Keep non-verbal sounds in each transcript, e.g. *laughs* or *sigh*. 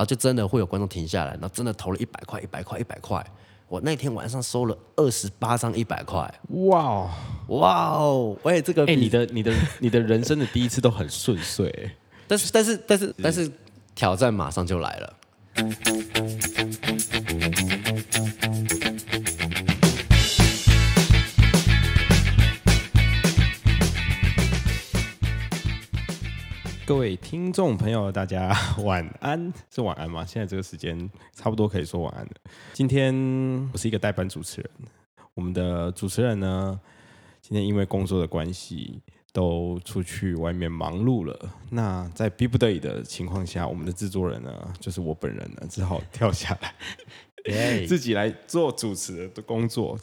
然後就真的會有觀眾停下來，然後真的投了一百塊、一百塊、一百塊。我那天晚上收了二十八張一百塊，哇，哇，喂，這個，哎、欸，你的、你的、 *laughs* 你的人生的第一次都很順遂，但是、但是、但是，是、但是，挑戰馬上就來了。嗯嗯嗯各位聽眾朋友，大家晚安，是晚安嗎？現在這個時間差不多可以說晚安了。今天我是一個代班主持人，我們的主持人呢，今天因為工作的關係都出去外面忙碌了。那在逼不得已的情況下，我們的製作人呢，就是我本人呢，只好跳下來 *laughs* ，yeah. 自己來做主持的工作。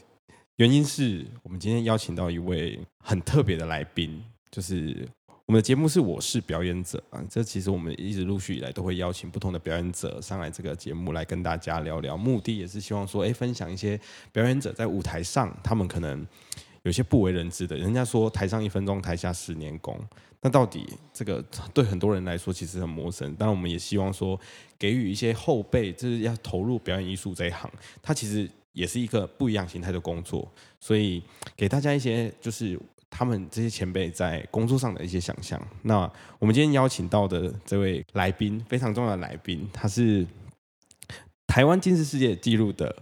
原因是我們今天邀請到一位很特別的來賓，就是。我們的節目是我是表演者啊，這其實我們一直陸續以來都會邀請不同的表演者上來這個節目來跟大家聊聊，目的也是希望說，哎，分享一些表演者在舞台上他們可能有些不為人知的。人家說台上一分鐘，台下十年功，那到底這個對很多人來說其實很陌生。當然，我們也希望說給予一些後輩，就是要投入表演藝術這一行，它其實也是一個不一樣形態的工作，所以給大家一些就是。他們這些前輩在工作上的一些想象。那我們今天邀請到的這位來賓，非常重要的來賓，他是台灣金氏世界紀錄的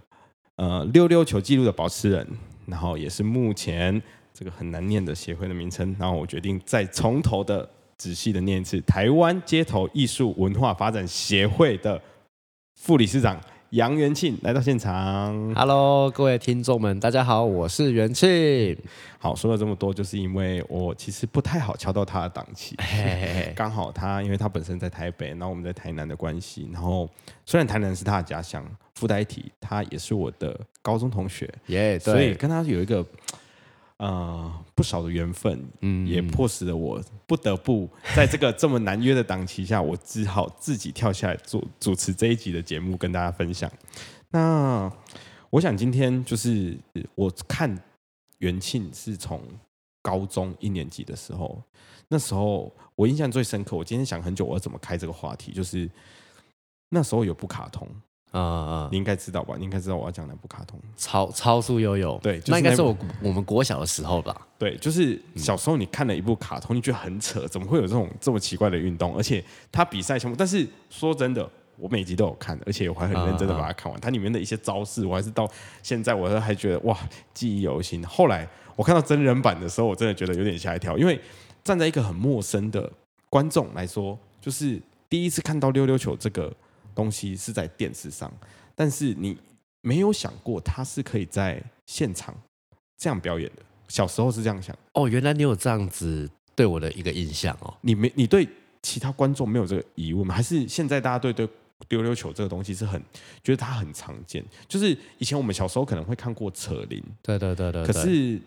呃溜溜球紀錄的保持人，然後也是目前這個很難念的協會的名稱。然後我決定再從頭的仔細的念一次：台灣街頭藝術文化發展協會的副理事長。楊元慶來到現場。Hello，各位聽眾們，大家好，我是元慶。好，說了這麼多，就是因為我其實不太好敲到他的檔期。剛、Hey, hey, hey. 好，他，因為他本身在台北，然後我們在台南的關係，然後雖然台南是他的家鄉，附帶提，他也是我的高中同學耶，Yeah, 所以跟他有一個。呃，不少的緣分，嗯，也迫使了我不得不在這個這麼難約的檔期下， *laughs* 我只好自己跳下來做主持這一集的節目，跟大家分享。那我想今天就是我看元慶是從高中一年級的時候，那時候我印象最深刻。我今天想很久，我要怎麼開這個話題，就是那時候有部卡通。啊啊！你應該知道吧？你應該知道我要講哪部卡通，超超速悠悠。對，就是、那，那應該是我我們國小的時候吧。對，就是小時候你看了一部卡通，你覺得很扯，嗯、怎麼會有這種這麼奇怪的運動？而且他比賽項目，但是說真的，我每集都有看，而且我還很認真的把它看完。它、uh, uh, uh, uh, 裡面的一些招式，我還是到現在我都還覺得哇，記憶猶新。後來我看到真人版的時候，我真的覺得有點嚇一跳，因為站在一個很陌生的觀眾來說，就是第一次看到溜溜球這個。東西是在電視上，但是你沒有想過它是可以在現場這樣表演的。小時候是這樣想哦，原來你有這樣子對我的一個印象哦。你沒你對其他觀眾沒有這個疑問嗎？還是現在大家對對溜溜球這個東西是很覺得它很常見？就是以前我們小時候可能會看過扯鈴，對，對對對對，可是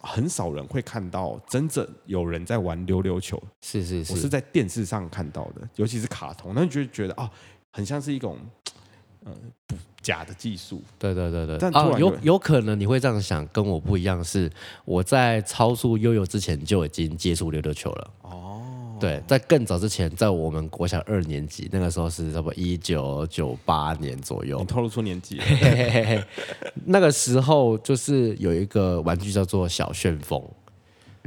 很少人會看到真正有人在玩溜溜球。是是是，我是在電視上看到的，尤其是卡通，那你就覺得啊。哦很像是一種，嗯，不假的技術。對對對對，但有、啊、有，有可能你會這樣想，跟我不一樣是我在超出悠悠之前就已經接觸溜溜球了。哦，對，在更早之前，在我們國小二年級那個時候是差不多一九九八年左右，你透露出年紀嘿嘿嘿。那個時候就是有一個玩具叫做小旋風。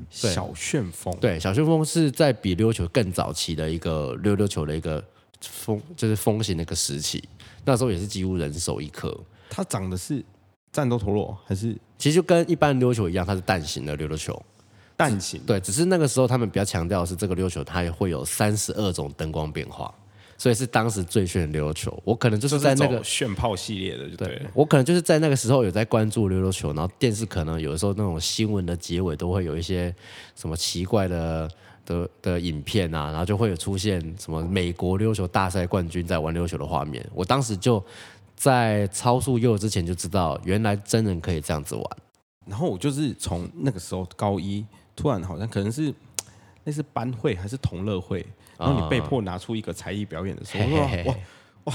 小旋風，對，小旋風是在比溜溜球更早期的一個溜溜球的一個。風就是風行那個時期，那時候也是幾乎人手一顆。它長的是戰鬥陀螺還是？其實就跟一般的溜球一樣，它是蛋形的溜溜球。蛋形。對，只是那個時候他們比較強調的是這個溜球它也會有三十二種燈光變化，所以是當時最炫溜溜球。我可能就是在那個、就是、炫炮系列的對。對我可能就是在那個時候有在關注溜溜球，然後電視可能有的時候那種新聞的結尾都會有一些什麼奇怪的的的影片啊，然後就會有出現什麼美國溜球大賽冠軍在玩溜球的畫面。我當時就在超速 YOYO 之前就知道，原來真人可以這樣子玩。然後我就是從那個時候高一，突然好像可能是那是班會還是同樂會，然後你被迫拿出一個才藝表演的時候，嗯、哇嘿嘿嘿哇，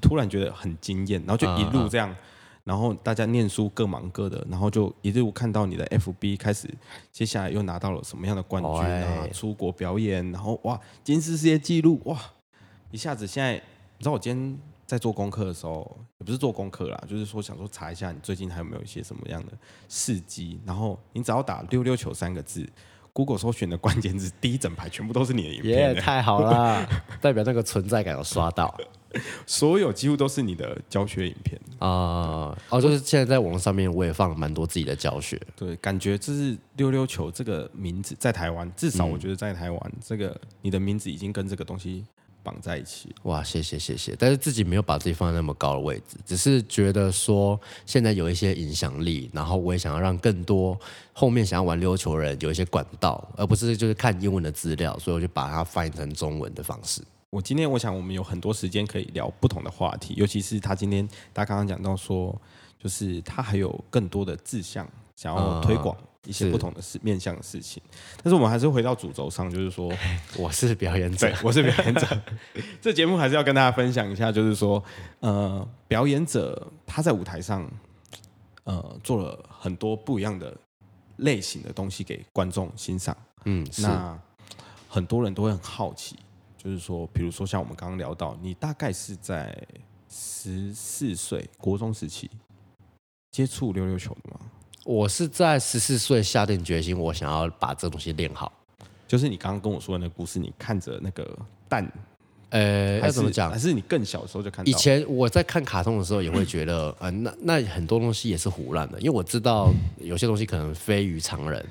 突然覺得很驚艷，然後就一路這樣。嗯嗯然後大家念書各忙各的，然後就一路看到你的 F B 開始，接下來又拿到了什麼樣的冠軍啊？Oh, 欸、出國表演，然後哇，金氏世界紀錄哇！一下子現在，你知道我今天在做功課的時候，也不是做功課啦，就是說想說查一下你最近還有沒有一些什麼樣的事蹟，然後你只要打溜溜球三個字，如果搜尋的關鍵字第一整排全部都是你的影片，yeah, 太好了， *laughs* 代表那個存在感有刷到， *laughs* 所有幾乎都是你的教學影片啊、uh, oh,，哦，就是現在在網上面我也放了蠻多自己的教學，對，感覺就是溜溜球這個名字在台灣，至少我覺得在台灣、嗯、這個你的名字已經跟這個東西。綁在一起，哇！謝謝謝謝，但是自己沒有把自己放在那麼高的位置，只是覺得說現在有一些影響力，然後我也想要讓更多後面想要玩溜球的人有一些管道，而不是就是看英文的資料，所以我就把它翻譯成中文的方式。我今天我想我們有很多時間可以聊不同的話題，尤其是他今天他剛剛講到說，就是他還有更多的志向想要推廣。嗯一些不同的事、面向的事情，但是我們還是回到主軸上，就是說，我是表演者，我是表演者。這節目還是要跟大家分享一下，就是說，呃，表演者他在舞台上，呃，做了很多不一樣的類型的東西給觀眾欣賞。嗯，那很多人都會很好奇，就是說，比如說像我們剛剛聊到，你大概是在十四歲國中時期接觸溜溜球的嗎？我是在十四歲下定決心，我想要把這東西練好。就是你剛剛跟我說的那個故事，你看着那個蛋，呃、欸，要怎麼講？還是你更小的時候就看到？以前我在看卡通的時候，也會覺得，嗯，呃、那那很多東西也是唬爛的，因為我知道有些東西可能非於常人。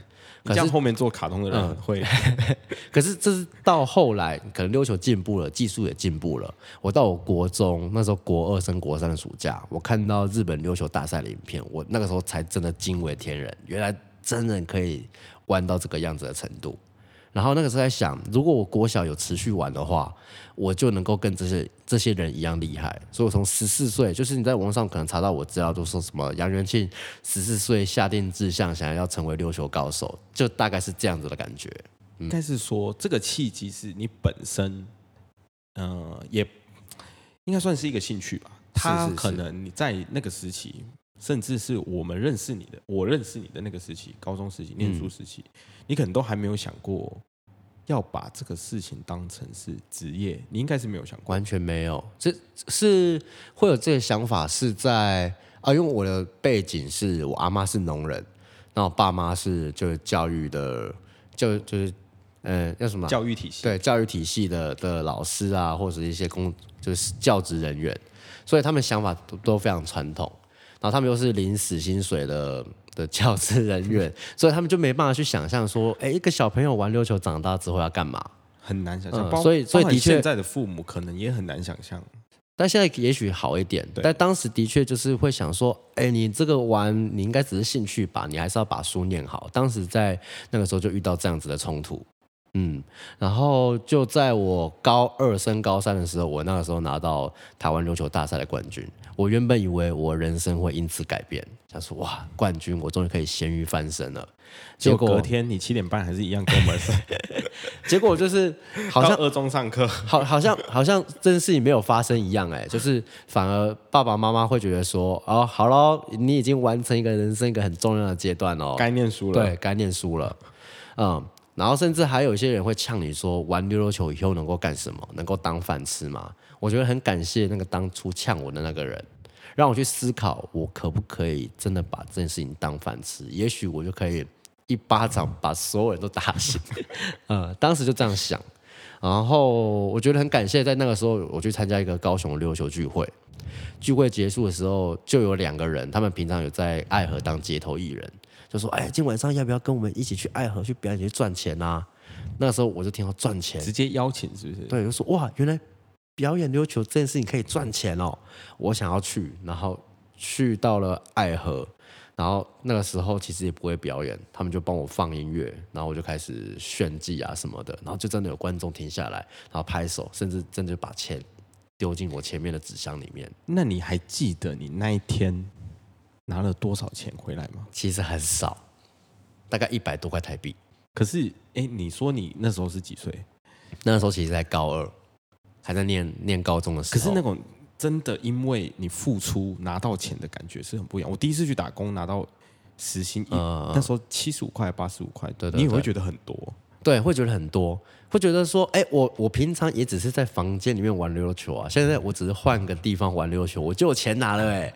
像後面做卡通的人會可、嗯，可是這是到後來，可能溜球進步了，技術也進步了。我到我國中那時候，國二升國三的暑假，我看到日本溜球大賽的影片，我那個時候才真的驚為天人，原來真人可以彎到這個樣子的程度。然後那個時候在想，如果我國小有持續玩的話，我就能夠跟這些這些人一樣厲害。所以我從十四歲，就是你在網上可能查到，我知道都說什麼楊元慶十四歲下定志向，想要成為溜球高手，就大概是這樣子的感覺。嗯，應該是說，這個契機是你本身，呃，也應該算是一個興趣吧。是是是。他可能你在那個時期。甚至是我們認識你的，我認識你的那個時期，高中時期、念書時期、嗯，你可能都還沒有想過要把這個事情當成是職業，你應該是沒有想過，完全沒有。這是會有這個想法是在啊，因為我的背景是我阿媽是農人，然後我爸媽是就是教育的，教就，就是嗯叫、呃、什麼、啊、教育體系，對教育體系的的老師啊，或者一些工就是教職人員，所以他們想法都都非常傳統。然後他們又是領死薪水的的教職人員， *laughs* 所以他們就沒辦法去想象說，哎、 *laughs* 欸，一個小朋友玩溜球長大之後要幹嘛？很難想象。嗯、所以想象所以，所以的確，現在的父母可能也很難想象。但現在也許好一點，對。但當時的確就是會想說，哎、欸，你這個玩，你應該只是興趣吧？你還是要把書念好。當時在那個時候就遇到這樣子的衝突。嗯，然後就在我高二升高三的時候，我那個時候拿到台灣溜球大賽的冠軍。我原本以為我人生會因此改變，他說哇，冠軍，我終於可以鹹魚翻身了。結果隔天你七點半還是一樣跟我們。 *laughs* 結果就是好像二中上課，好，好像好像這件事情沒有發生一樣、欸，哎，就是反而爸爸媽媽會覺得說，哦，好了，你已經完成一個人生一個很重要的階段哦，該念書了，對，該念書了，嗯，然後甚至還有一些人會嗆你說，玩溜溜球以後能夠幹什麼？能夠當飯吃嗎？我覺得很感謝那個當初嗆我的那個人，讓我去思考我可不可以真的把這件事情當飯吃。也許我就可以一巴掌把所有人都打醒。呃、 *laughs* 嗯， *laughs* 當時就這樣想。然後我覺得很感謝，在那個時候我去參加一個高雄的溜球聚會，聚會結束的時候就有兩個人，他們平常有在愛河當街頭藝人，就說：“哎、欸，今晚上要不要跟我們一起去愛河去表演去賺錢啊？”那個時候我就聽到賺錢，直接邀請是不是？對，就說：“哇，原來。”表演溜球這件事情可以賺錢哦，我想要去，然後去到了愛河，然後那個時候其實也不會表演，他們就幫我放音樂，然後我就開始炫技啊什麼的，然後就真的有觀眾停下來，然後拍手，甚至真的就把錢丟進我前面的紙箱裡面。那你還記得你那一天拿了多少錢回來嗎？其實很少，大概一百多塊台幣。可是，哎，你說你那時候是幾歲？那時候其實才高二。還在念念高中的時候，可是那種真的因為你付出拿到錢的感覺是很不一樣。我第一次去打工拿到時薪一、呃，那時候七十五塊八十五塊，對，對，對，你會覺得很多，對，會覺得很多，會覺得說，哎、欸，我我平常也只是在房間裡面玩溜溜球啊，現在我只是換個地方玩溜溜球，我就有錢拿了、欸，哎，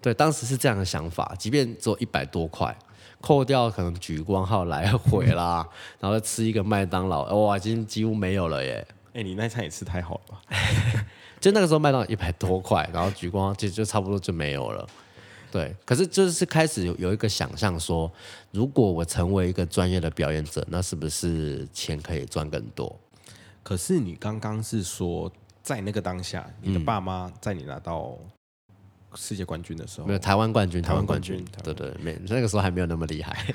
對，當時是這樣的想法，即便只有一百多塊，扣掉可能莒光號來回啦， *laughs* 然後吃一個麥當勞，哇，已經幾乎沒有了耶、欸。哎、欸，你那餐也吃太好了吧？ *laughs* 就那個時候賣到一百多塊，然後舉光，就就差不多就沒有了。對，可是就是開始有一個想象說，如果我成為一個專業的表演者，那是不是錢可以賺更多？可是你剛剛是說，在那個當下，你的爸媽在你拿到世界冠軍的時候，沒、嗯、有台灣冠軍，台灣冠，冠軍，對對，對，沒那個時候還沒有那麼厲害。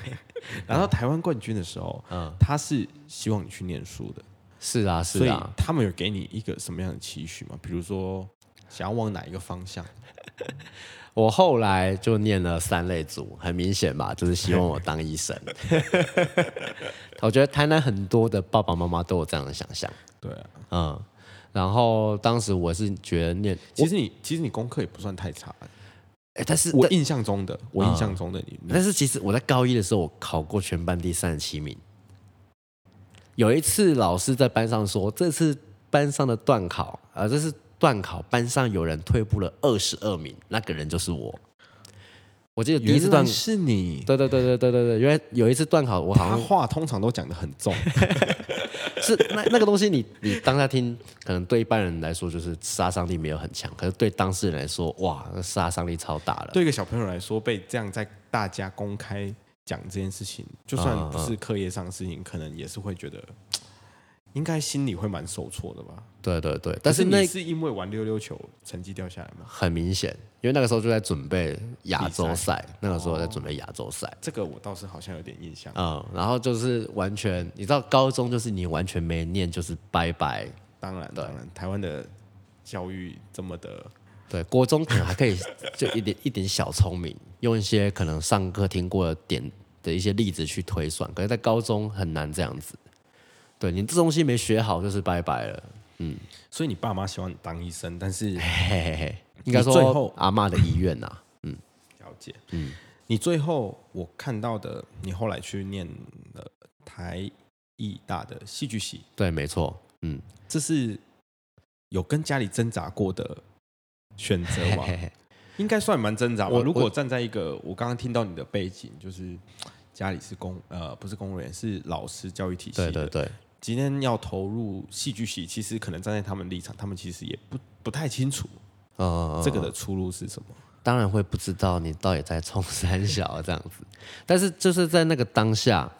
拿 *laughs* 到台灣冠軍的時候，嗯，他是希望你去念書的。是啊，是啊，所以他們有給你一個什麼樣的期許嗎？比如說，想要往哪一個方向？ *laughs* 我後來就念了三類組，很明顯吧，就是希望我當醫生。 *laughs* *laughs* 我覺得台南很多的爸爸媽媽都有這樣的想象。對啊，嗯，然後當時我是覺得念，其實你其實你功課也不算太差，哎，但是我印象中的，嗯、我印象中的你、嗯、你，但是其實我在高一的時候，我考過全班第三十七名。有一次，老師在班上說：“這次班上的段考，啊、呃，這是段考，班上有人退步了二十二名，那個人就是我。”我記得第一次段考是你，對對對對對對對，因為有一次段考，我好像話通常都講得很重， *laughs* 是那那個東西你，你你當下聽，可能對一般人來說就是殺傷力沒有很強，可是對當事人來說，哇，那殺傷力超大了。對一個小朋友來說，被這樣在大家公開。講這件事情，就算不是課業上的事情，嗯，可能也是會覺得，嗯，應該心裡會蠻受挫的吧。對對對，但是那是因為玩溜溜球成績掉下來嗎？很明顯，因為那個時候就在準備亞洲賽，那個時候在準備亞洲賽。哦，這個我倒是好像有點印象。嗯，然後就是完全，你知道高中就是你完全沒念，就是拜拜。當然，當然，台灣的教育這麼的。對，國中可能還可以，就一點 *laughs* 一點小聰明，用一些可能上課聽過的點的一些例子去推算。可是，在高中很難這樣子。對，你這東西沒學好，就是拜拜了。嗯，所以你爸媽希望你當醫生，但是嘿嘿嘿，最後應該說阿嬤、啊，阿媽的遺願吶。嗯，了解。嗯，你最後我看到的，你後來去念了台藝大的戲劇系。對，沒錯。嗯，這是有跟家裡掙扎過的。選擇嘛，應該算蠻掙扎吧，我，我如果站在一個，我剛剛聽到你的背景，就是家裡是公呃，不是公務員，是老師教育體系的，對對對，今天要投入戲劇系，其實可能站在他們立場，他們其實也不不太清楚哦哦哦哦這個的出路是什麼？當然會不知道你到底在衝三小這樣子。但是就是在那個當下，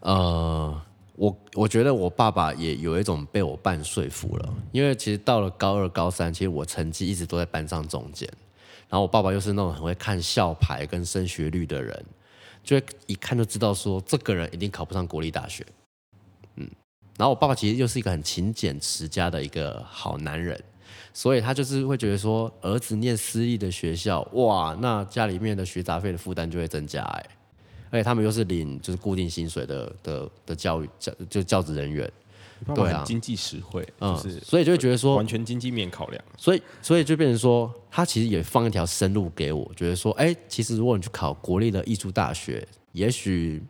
呃。我我覺得我爸爸也有一種被我半說服了，因為其實到了高二、高三，其實我成績一直都在班上中間。然後我爸爸又是那種很會看校牌跟升學率的人，就會一看就知道說，這個人一定考不上國立大學。嗯，然後我爸爸其實又是一個很勤儉持家的一個好男人，所以他就是會覺得說，兒子念私立的學校，哇，那家裡面的學雜費的負擔就會增加、欸，哎。而且他們又是領就是固定薪水的的的教育教就教職人員，對啊，經濟實惠，嗯，就是、所以就會覺得說完全經濟面考量，所以所以就變成說，他其實也放一條生路給我，覺得說，哎、欸，其實如果你去考國立的藝術大學，也許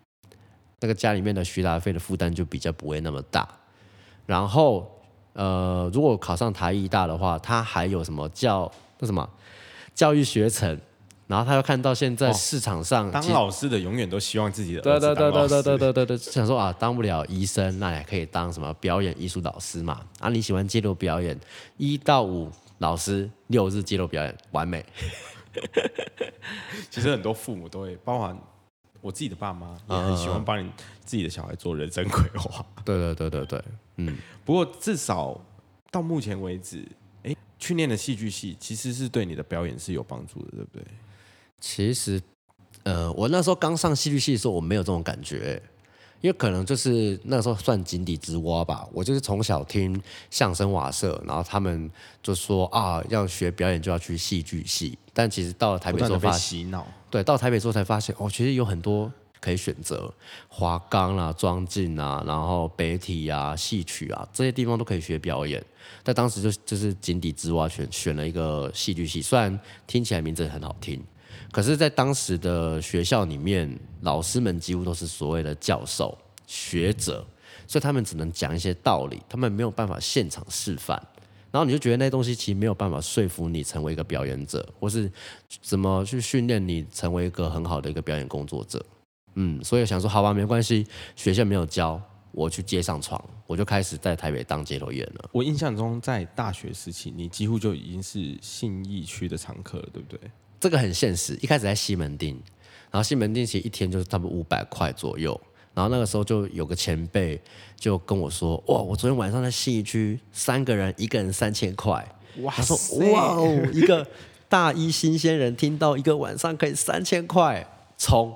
那個家裡面的學雜費的負擔就比較不會那麼大。然後呃，如果考上台藝大的話，他還有什麼教，那什麼教育學程？然後他又看到現在市場上，哦、當老師的永遠都希望自己的對，對對對對對對對對， *laughs* 想說啊，當不了醫生，那也可以當什麼表演藝術老師嘛。啊，你喜歡街頭表演，一到五老師，六日街頭表演，完美。 *laughs* 其實很多父母都會，包含我自己的爸媽、嗯，也很喜歡幫你自己的小孩做人生規劃。對對對對對，嗯。不過至少到目前為止，哎、欸，去念的戲劇系其實是對你的表演是有幫助的，對不對？其實，呃，我那時候剛上戲劇系的時候，我沒有這種感覺，因為可能就是那時候算井底之蛙吧。我就是從小聽相聲瓦舍，然後他們就說啊，要學表演就要去戲劇系。但其實到了台北之後，被洗腦。對，到台北之後才發現，哦，其實有很多可以選擇，華岡啊、莊敬啊，然後北體啊、戲曲啊這些地方都可以學表演。但當時就就是井底之蛙，選選了一個戲劇系，雖然聽起來名字很好聽。可是，在當時的學校裡面，老師們幾乎都是所謂的教授學者，所以他們只能講一些道理，他們沒有辦法現場示範。然後你就覺得那東西其實沒有辦法說服你成為一個表演者，或是怎麼去訓練你成為一個很好的一個表演工作者。嗯，所以想說，好吧，沒關係，學校沒有教，我去街上闖，我就開始在台北當街頭演員了。我印象中，在大學時期，你幾乎就已經是信義區的常客了，對不對？這個很現實，一開始在西門町，然後西門町其實一天就是差不多五百塊左右。然後那個時候就有個前輩就跟我說：“哇，我昨天晚上在信義區三個人，一個人三千塊。”哇，他說：“哇哦，一個大一新鮮人聽到一個晚上可以三千塊，衝，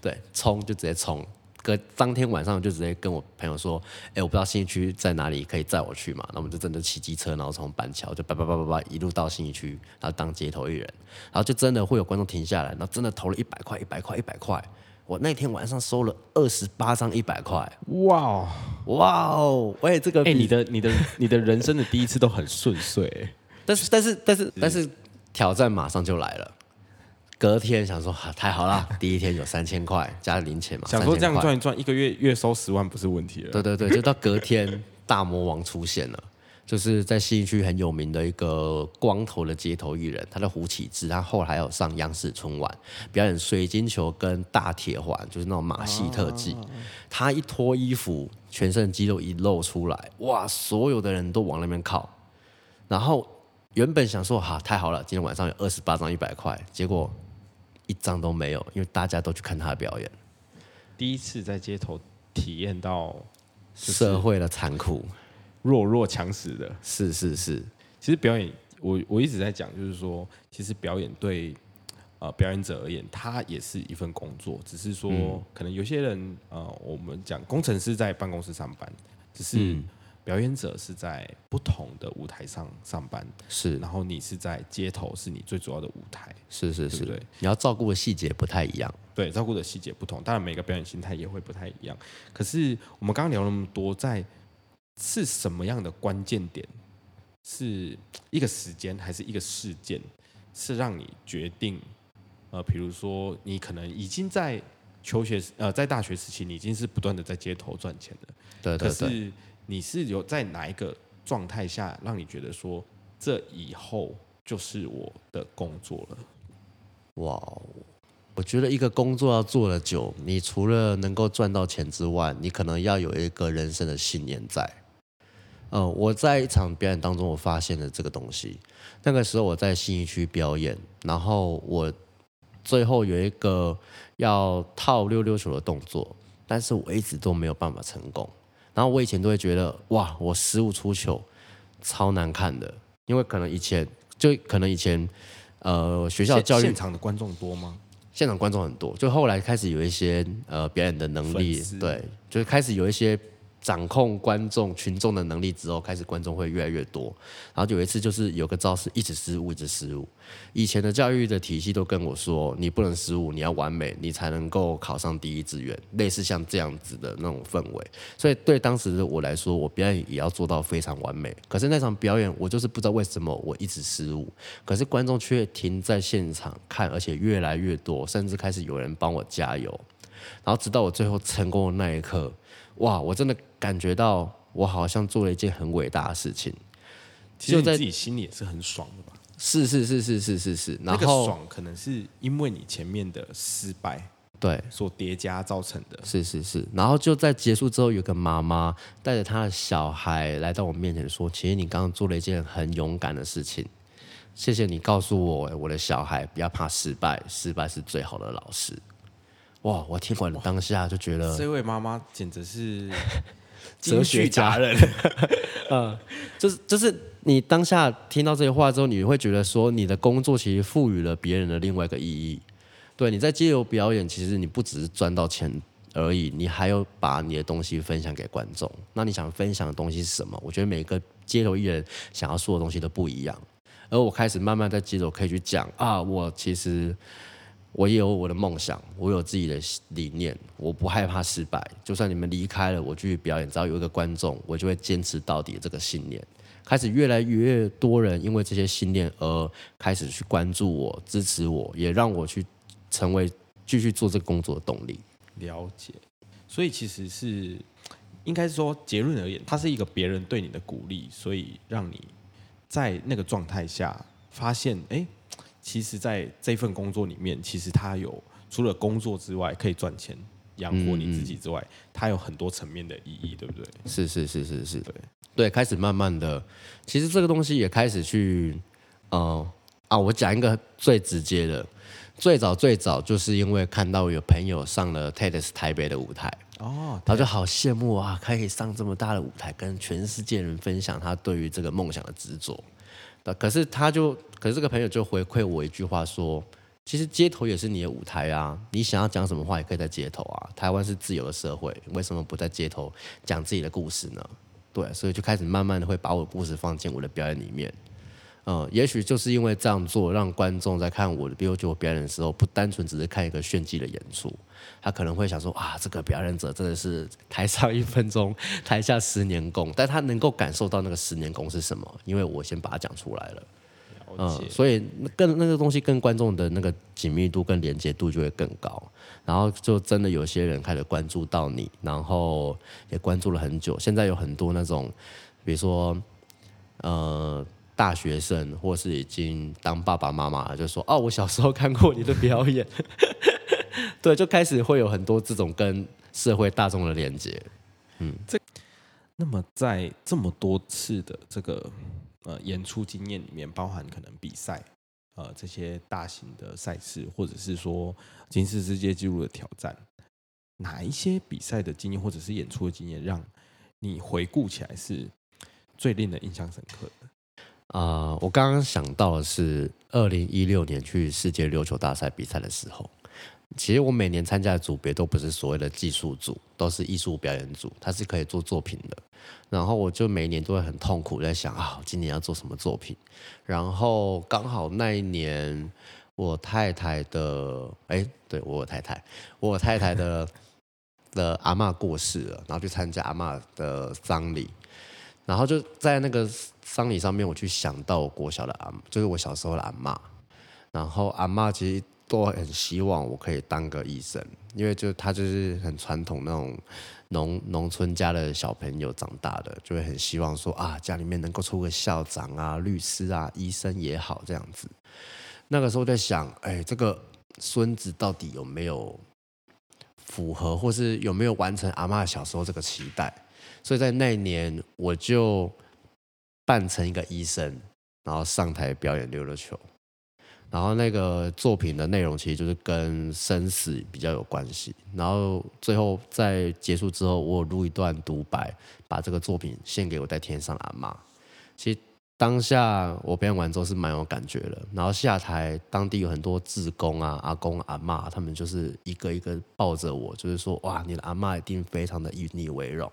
對，衝就直接衝。”哥當天晚上就直接跟我朋友說：“哎、欸，我不知道信義區在哪裡，可以載我去嘛？”那我們就真的騎機車，然後從板橋就叭叭叭叭叭一路到信義區，然後當街頭藝人，然後就真的會有觀眾停下來，然後真的投了一百塊、一百塊、一百塊。我那天晚上收了二十八張一百塊，哇哇哦！哎，這個哎、欸，你的你的你的人生的第一次都很順遂 *laughs* 但，但是但是但是但是挑戰馬上就來了。隔天想說哈、啊、太好了，第一天有三千塊 *laughs* 加零錢嘛，想說這樣賺一賺，一個月月收十萬不是問題了。對對對，就到隔天 *laughs* 大魔王出現了，就是在信義區很有名的一個光頭的街頭藝人，他的胡啟志，他後來還有上央視春晚，表演水晶球跟大鐵環，就是那種馬戲特技。啊、他一脫衣服，全身的肌肉一露出來，哇，所有的人都往那邊靠。然後原本想說哈、啊、太好了，今天晚上有二十八張一百塊，結果。一張都沒有，因為大家都去看他的表演。第一次在街頭體驗到弱弱社會的殘酷，弱弱強食的。是是是，其實表演，我我一直在講，就是說，其實表演對呃表演者而言，他也是一份工作，只是說，嗯、可能有些人、呃、我們講工程師在辦公室上班，只、就是。嗯表演者是在不同的舞台上上班，是，然後你是在街頭，是你最主要的舞台，是是是，對，對，你要照顧的細節不太一樣，對，照顧的細節不同，當然每個表演心態也會不太一樣。可是我們剛剛聊那麼多，在是什麼樣的關鍵點？是一個時間，還是一個事件，是讓你決定？呃，比如說你可能已經在求學，呃，在大學時期，你已經是不斷的在街頭賺錢的。對對對。你是有在哪一個狀態下讓你覺得說，這以後就是我的工作了？哇，我覺得一個工作要做得久，你除了能夠賺到錢之外，你可能要有一個人生的信念在。呃、嗯，我在一場表演當中，我發現了這個東西。那個時候我在信義區表演，然後我最後有一個要套溜溜球的動作，但是我一直都沒有辦法成功。然後我以前都會覺得，哇，我失誤出糗，超難看的，因為可能以前就可能以前，呃，學校教育現現場的觀眾多嗎？現場觀眾很多，就後來開始有一些呃表演的能力，對，就是開始有一些。掌控觀眾群眾的能力之後，開始觀眾會越來越多。然後有一次就是有個招式一直失誤一直失誤。以前的教育的體系都跟我說，你不能失誤，你要完美，你才能夠考上第一志願。類似像這樣子的那種氛圍。所以對當時的我來說，我表演也要做到非常完美。可是那場表演，我就是不知道為什麼我一直失誤。可是觀眾卻停在現場看，而且越來越多，甚至開始有人幫我加油。然後直到我最後成功的那一刻。哇，我真的感覺到我好像做了一件很偉大的事情。就在，其實你自己心裡也是很爽的吧？是是是是是是是，那個爽可能是因為你前面的失敗，對，所疊加造成的。是是是，然後就在結束之後，有個媽媽帶着她的小孩來到我面前說：“其實你剛剛做了一件很勇敢的事情，謝謝你告訴我，我的小孩不要怕失敗，失敗是最好的老師。”哇！我聽完了當下就覺得，這位媽媽簡直是哲學達人。 *laughs* 嗯，就是就是，你當下聽到這些話之後，你會覺得說，你的工作其實賦予了別人的另外一個意義。對，你在街頭表演，其實你不只是賺到錢而已，你還有把你的東西分享給觀眾。那你想分享的東西是什麼？我覺得每個街頭藝人想要說的東西都不一樣。而我開始慢慢在街頭可以去講啊，我其實。我也有我的夢想，我有自己的理念，我不害怕失敗。就算你們離開了，我繼續表演，只要有一個觀眾，我就會堅持到底。這個信念，開始越來,越來越多人因為這些信念而開始去關注我、支持我，也讓我去成為繼續做這個工作的動力。了解，所以其實是，應該是說結論而言，它是一個別人對你的鼓勵，所以讓你在那個狀態下發現，誒、欸。其實，在這份工作裡面，其實他有除了工作之外可以賺錢養活你自己之外，他、嗯嗯、有很多層面的意義，對不對？是是是是是，對對，開始慢慢的，其實這個東西也開始去，呃啊，我講一個最直接的，最早最早就是因為看到有朋友上了 TEDx 台北的舞台，哦，他就好羨慕啊，他可以上這麼大的舞台，跟全世界人分享他對於這個夢想的執着。可是他就，可是這個朋友就回饋我一句話說，其實街頭也是你的舞台啊，你想要講什麼話也可以在街頭啊，台灣是自由的社會，為什麼不在街頭講自己的故事呢？對，所以就開始慢慢的會把我的故事放進我的表演裡面。嗯，也許就是因為這樣做，讓觀眾在看我的，比如就我表演的時候，不單純只是看一個炫技的演出，他可能會想說啊，這個表演者真的是台上一分鐘，台下十年功，但他能夠感受到那個十年功是什麼，因為我先把它講出來了。了解。嗯，所以更那個東西跟觀眾的那個緊密度跟連接度就會更高，然後就真的有些人開始關注到你，然後也關注了很久。現在有很多那種，比如說，呃。大學生，或是已經當爸爸媽媽了就說：“哦，我小時候看過你的表演。 *laughs* ” *laughs* 對，就開始會有很多這種跟社會大眾的連接。嗯，這那麼在這麼多次的這個呃演出經驗裡面，包含可能比賽呃這些大型的賽事，或者是說金氏世界紀錄的挑戰，哪一些比賽的經驗或者是演出的經驗，讓你回顧起來是最令人印象深刻的？啊、呃，我剛剛想到的是，二零一六年去世界溜球大賽比賽的時候，其實我每年參加的組別都不是所謂的技術組，都是藝術表演組，它是可以做作品的。然後我就每年都會很痛苦在想啊，今年要做什麼作品？然後剛好那一年我太太的，哎，對我太太，我太太的 *laughs* 的阿嬤過世了，然後去參加阿嬤的喪禮。然後就在那個喪禮上面，我去想到我國小的阿，就是我小時候的阿嬤，然後阿嬤其實都很希望我可以當個醫生，因為就他就是很傳統那種農農村家的小朋友長大的，就會很希望說啊，家裡面能夠出個校長啊、律師啊、醫生也好這樣子。那個時候在想，哎、欸，這個孫子到底有沒有符合，或是有沒有完成阿嬤小時候這個期待？所以在那年，我就扮成一個醫生，然後上台表演溜溜球，然後那個作品的內容其實就是跟生死比較有關係。然後最後在結束之後，我錄一段獨白，把這個作品獻給我在天上的阿嬤。其實當下我表演完之後是蠻有感覺的。然後下台，當地有很多志工啊、阿公阿嬤，他們就是一個一個抱着我，就是說：“哇，你的阿嬤一定非常的以你為榮。”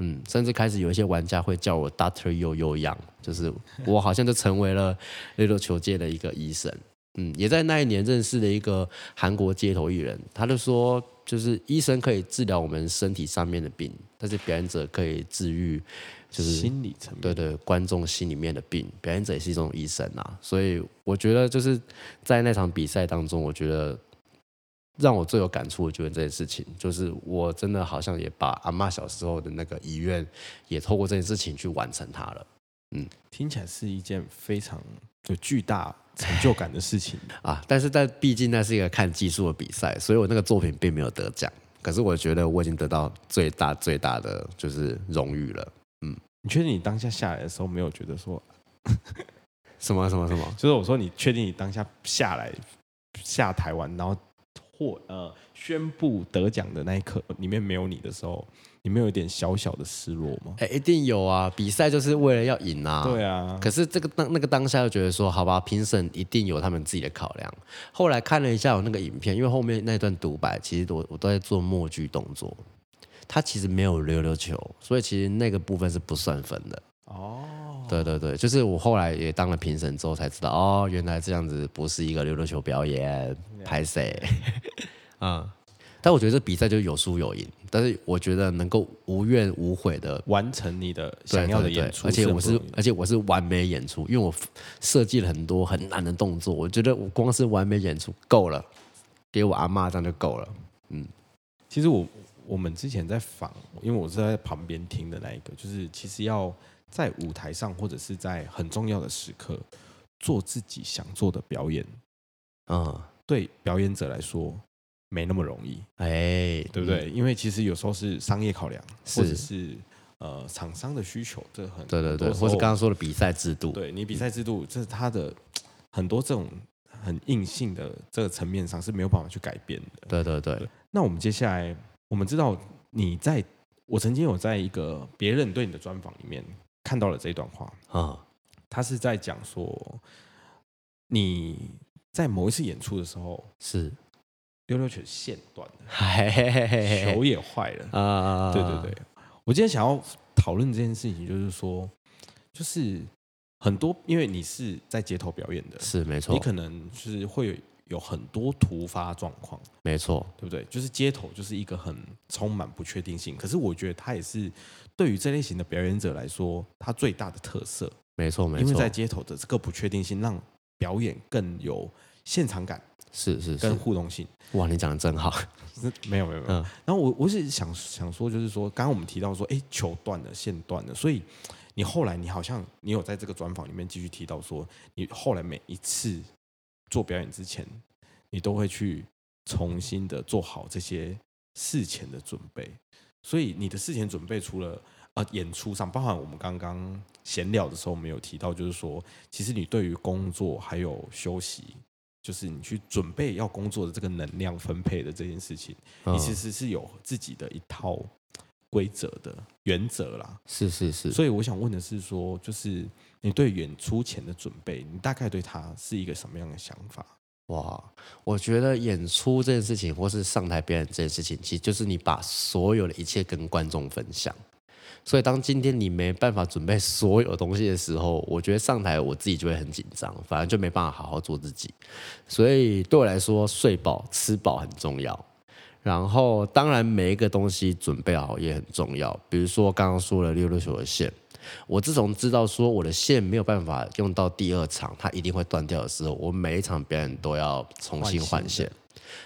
嗯，甚至開始有一些玩家會叫我 Doctor Yo Yo Yang，就是我好像就成為了溜溜球界的一個醫生。嗯，也在那一年認識了一個韓國街頭藝人，他就說，就是醫生可以治療我們身體上面的病，但是表演者可以治癒，就是心理層面。對對，觀眾心裡面的病，表演者也是一種醫生啊，所以我覺得就是在那場比賽當中，我覺得。讓我最有感觸的就是這件事情就是，我真的好像也把阿嬤小時候的那個遺願，也透過這件事情去完成它了。嗯，聽起來是一件非常就巨大成就感的事情啊！但是，但畢竟那是一個看技術的比賽，所以我那個作品並沒有得獎。可是，我覺得我已經得到最大最大的就是榮譽了。嗯，你確定你當下下來的時候沒有覺得說什麼什麼什麼？是是 *laughs* 就是我說，你確定你當下下來下台灣，然後？或呃，宣布得獎的那一刻，裡面沒有你的時候，你沒有一點小小的失落嗎？哎、欸，一定有啊！比賽就是為了要贏啊。對啊。可是，這個當那，那個當下又覺得說，好吧，評審一定有他們自己的考量。後來看了一下我那個影片，因為後面那段獨白，其實我我都在做默劇動作，他其實沒有溜溜球，所以其實那個部分是不算分的。對對對，就是我後來也當了評審之後才知道，哦，原來這樣子不是一個溜溜球表演拍誰，啊、yeah.？ *laughs* uh, 但我覺得這比賽就是有輸有贏，但是我覺得能夠無怨無悔的完成你的想要的演出對對對對對對，而且我是，是而且我是完美演出，因為我設計了很多很難的動作，我覺得我光是完美演出夠了，夠了給我阿媽這樣就夠了，嗯，其實我我們之前在訪，因為我是在旁邊聽的那一個，就是其實要。在舞台上，或者是在很重要的時刻，做自己想做的表演，嗯，對表演者來說沒那麼容易，哎、欸，對不對、嗯？因為其實有時候是商業考量，或者是呃廠商的需求，這很，很對對對，或是剛剛說的比賽制度，對你比賽制度，這、嗯就是它的很多這種很硬性的這個層面上是沒有辦法去改變的。對對對，對，對。那我們接下來，我們知道你在，我曾經有在一個別人對你的專訪裡面。看到了這一段話啊，他、嗯、是在講說你在某一次演出的時候是溜溜球線斷了，嘿嘿嘿嘿，球線斷手也壞了啊、呃！對對對，我今天想要討論這件事情，就是說，就是很多因為你是在街頭表演的，是沒錯，你可能就是會有有很多突發狀況，沒錯，對不對？就是街頭就是一個很充滿不確定性，可是我覺得他也是。對於這類型的表演者來說，他最大的特色沒錯沒錯，因為在街頭的這個不確定性，讓表演更有現場感，是是跟互動性。哇，你講得真好，沒有沒有沒有，嗯。然後我我是想想說，就是說剛剛我們提到說，哎，球斷了，線斷了，所以你後來你好像你有在這個專訪裡面繼續提到說，你後來每一次做表演之前，你都會去重新的做好這些事前的準備。所以你的事前準備，除了呃演出上，包含我們剛剛閒聊的時候沒有提到，就是說，其實你對於工作還有休息，就是你去準備要工作的這個能量分配的這件事情，嗯、你其實是有自己的一套規則的原則啦。是是是。所以我想問的是說，說，就是你對演出前的準備，你大概對他是一個什麼樣的想法？哇，我覺得演出這件事情，或是上台表演這件事情，其實就是你把所有的一切跟觀眾分享。所以，當今天你沒辦法準備所有東西的時候，我覺得上台我自己就會很緊張，反而就沒辦法好好做自己。所以，對我來說，睡飽、吃飽很重要。然後，當然每一個東西準備好也很重要，比如說剛剛說了溜溜球的線。我自從知道說我的線沒有辦法用到第二場，它一定會斷掉的時候，我每一場表演都要重新換線。